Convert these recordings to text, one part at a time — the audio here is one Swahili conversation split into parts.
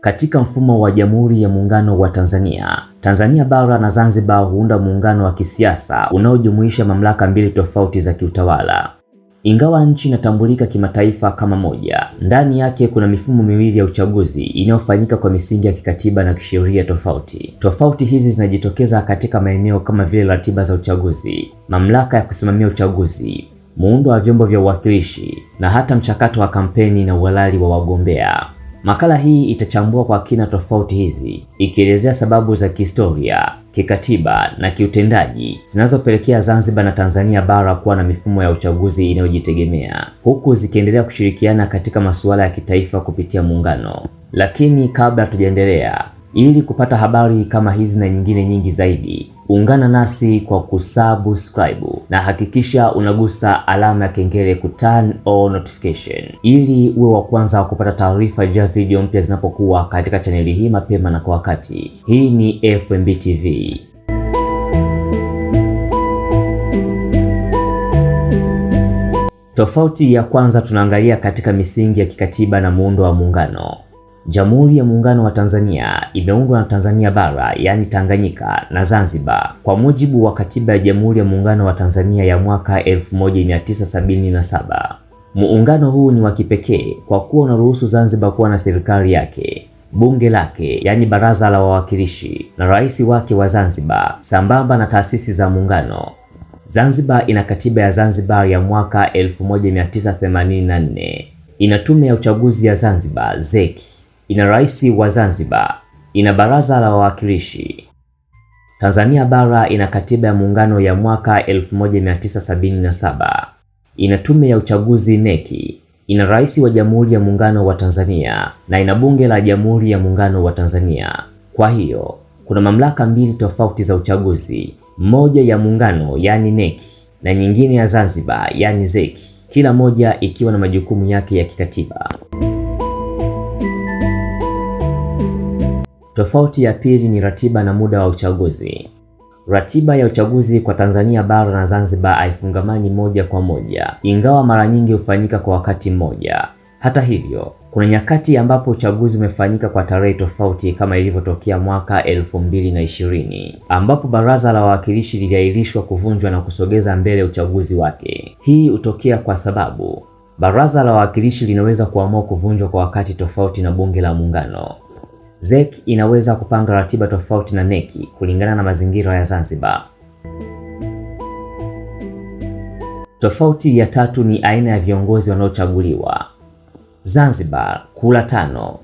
Katika mfumo wa Jamhuri ya Muungano wa Tanzania, Tanzania bara na Zanzibar huunda muungano wa kisiasa unaojumuisha mamlaka mbili tofauti za kiutawala. Ingawa nchi inatambulika kimataifa kama moja, ndani yake kuna mifumo miwili ya uchaguzi inayofanyika kwa misingi ya kikatiba na kisheria tofauti. Tofauti hizi zinajitokeza katika maeneo kama vile ratiba za uchaguzi, mamlaka ya kusimamia uchaguzi, muundo wa vyombo vya uwakilishi na hata mchakato wa kampeni na uhalali wa wagombea. Makala hii itachambua kwa kina tofauti hizi, ikielezea sababu za kihistoria, kikatiba na kiutendaji zinazopelekea Zanzibar na Tanzania bara kuwa na mifumo ya uchaguzi inayojitegemea, huku zikiendelea kushirikiana katika masuala ya kitaifa kupitia muungano. Lakini kabla tujaendelea, ili kupata habari kama hizi na nyingine nyingi zaidi Ungana nasi kwa kusubscribe na hakikisha unagusa alama ya kengele ku turn on notification ili uwe wa kwanza kupata taarifa ya video mpya zinapokuwa katika chaneli hii mapema na kwa wakati. Hii ni FMB TV. Tofauti ya kwanza tunaangalia katika misingi ya kikatiba na muundo wa muungano. Jamhuri ya Muungano wa Tanzania imeundwa na Tanzania Bara, yaani Tanganyika na Zanzibar kwa mujibu wa Katiba ya Jamhuri ya Muungano wa Tanzania ya mwaka 1977. Muungano huu ni wa kipekee kwa kuwa unaruhusu Zanzibar kuwa na serikali yake, bunge lake, yaani Baraza la Wawakilishi, na rais wake wa Zanzibar, sambamba na taasisi za muungano. Zanzibar ina katiba ya Zanzibar ya mwaka 1984. Ina tume ya uchaguzi ya Zanzibar ZEC ina rais wa Zanzibar, ina baraza la wawakilishi. Tanzania bara ina katiba ya muungano ya mwaka 1977, ina tume ya uchaguzi neki, ina rais wa Jamhuri ya Muungano wa Tanzania na ina bunge la Jamhuri ya Muungano wa Tanzania. Kwa hiyo kuna mamlaka mbili tofauti za uchaguzi, moja ya muungano yani neki na nyingine ya Zanzibar yani zeki, kila moja ikiwa na majukumu yake ya kikatiba. Tofauti ya pili ni ratiba na muda wa uchaguzi. Ratiba ya uchaguzi kwa Tanzania bara na Zanzibar haifungamani moja kwa moja, ingawa mara nyingi hufanyika kwa wakati mmoja. Hata hivyo, kuna nyakati ambapo uchaguzi umefanyika kwa tarehe tofauti kama ilivyotokea mwaka 2020 ambapo Baraza la Wawakilishi liliahirishwa kuvunjwa na kusogeza mbele uchaguzi wake. Hii hutokea kwa sababu Baraza la Wawakilishi linaweza kuamua kuvunjwa kwa wakati tofauti na Bunge la Muungano. ZEC inaweza kupanga ratiba tofauti na NEC kulingana na mazingira ya Zanzibar. Tofauti ya tatu ni aina ya viongozi wanaochaguliwa. Zanzibar, kula tano.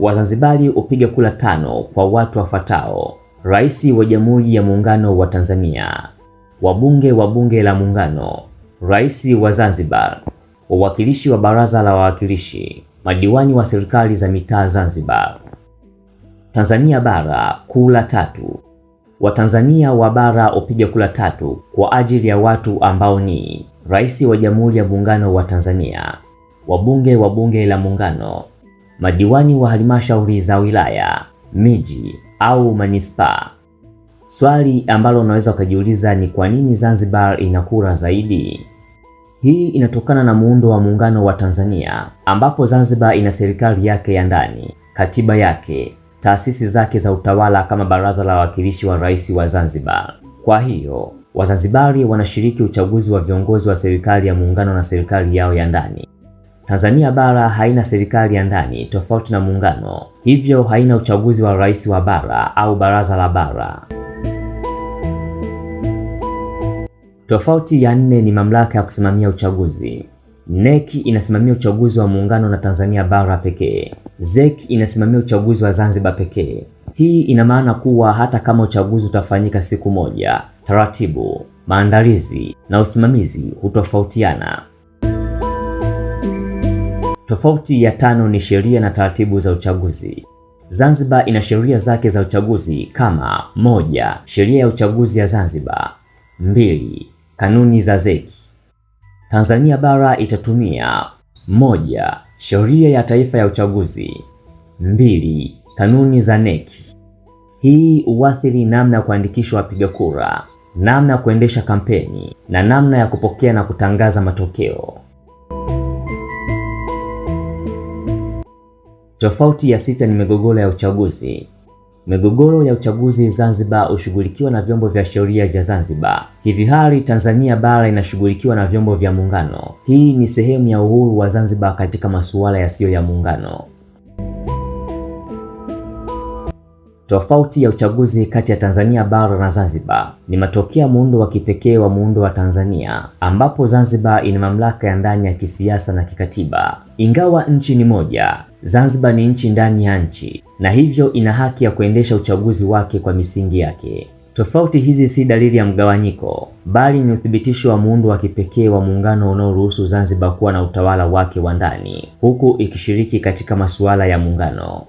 Wazanzibari hupiga kula tano kwa watu wafuatao: Rais wa Jamhuri ya Muungano wa Tanzania, wabunge wa Bunge la Muungano, Rais wa Zanzibar, wawakilishi wa Baraza la Wawakilishi, madiwani wa serikali za mitaa Zanzibar. Tanzania bara kula tatu. Watanzania wa bara wapiga kula tatu kwa ajili ya watu ambao ni Rais wa Jamhuri ya Muungano wa Tanzania, wabunge wa Bunge la Muungano, madiwani wa halmashauri za wilaya, miji au manispaa. Swali ambalo unaweza ukajiuliza ni kwa nini Zanzibar ina kura zaidi? Hii inatokana na muundo wa Muungano wa Tanzania ambapo Zanzibar ina serikali yake ya ndani, katiba yake, taasisi zake za utawala kama Baraza la Wawakilishi wa Rais wa Zanzibar. Kwa hiyo Wazanzibari wanashiriki uchaguzi wa viongozi wa serikali ya muungano na serikali yao ya ndani. Tanzania bara haina serikali ya ndani tofauti na muungano, hivyo haina uchaguzi wa rais wa bara au baraza la bara. Tofauti ya nne ni mamlaka ya kusimamia uchaguzi. NEC inasimamia uchaguzi wa muungano na Tanzania bara pekee. ZEC inasimamia uchaguzi wa Zanzibar pekee. Hii ina maana kuwa hata kama uchaguzi utafanyika siku moja, taratibu, maandalizi na usimamizi hutofautiana. Tofauti ya tano ni sheria na taratibu za uchaguzi. Zanzibar ina sheria zake za uchaguzi kama: moja, sheria ya uchaguzi ya Zanzibar; mbili, kanuni za ZEC. Tanzania bara itatumia: moja, Sheria ya Taifa ya Uchaguzi. Mbili, kanuni za NEC. Hii huathiri namna ya kuandikisha wapiga kura, namna ya kuendesha kampeni na namna ya kupokea na kutangaza matokeo. Tofauti ya sita ni migogoro ya uchaguzi. Migogoro ya uchaguzi Zanzibar hushughulikiwa na vyombo vya sheria vya Zanzibar, hali Tanzania bara inashughulikiwa na vyombo vya Muungano. Hii ni sehemu ya uhuru wa Zanzibar katika masuala yasiyo ya Muungano. Tofauti ya uchaguzi kati ya Tanzania bara na Zanzibar ni matokeo muundo wa kipekee wa muundo wa Tanzania ambapo Zanzibar ina mamlaka ya ndani ya kisiasa na kikatiba. Ingawa nchi ni moja, Zanzibar ni nchi ndani ya nchi na hivyo ina haki ya kuendesha uchaguzi wake kwa misingi yake. Tofauti hizi si dalili ya mgawanyiko, bali ni uthibitisho wa muundo wa kipekee wa muungano unaoruhusu Zanzibar kuwa na utawala wake wa ndani huku ikishiriki katika masuala ya muungano.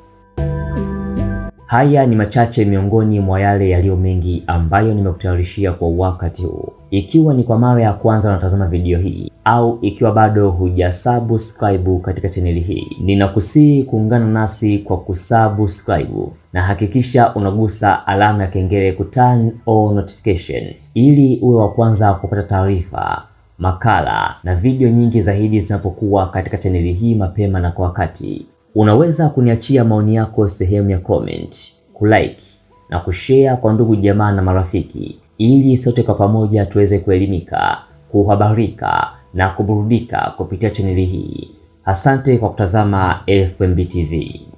Haya ni machache miongoni mwa yale yaliyo mengi ambayo nimekutayarishia kwa wakati huu. Ikiwa ni kwa mara ya kwanza unatazama video hii au ikiwa bado hujasubscribe katika chaneli hii, ninakusihi kuungana nasi kwa kusubscribe na hakikisha unagusa alama ya kengele ku turn on notification ili uwe wa kwanza kupata taarifa, makala na video nyingi zaidi zinapokuwa katika chaneli hii mapema na kwa wakati. Unaweza kuniachia maoni yako sehemu ya comment, kulike na kushare kwa ndugu jamaa na marafiki, ili sote kwa pamoja tuweze kuelimika, kuhabarika na kuburudika kupitia chaneli hii. Asante kwa kutazama FMB TV.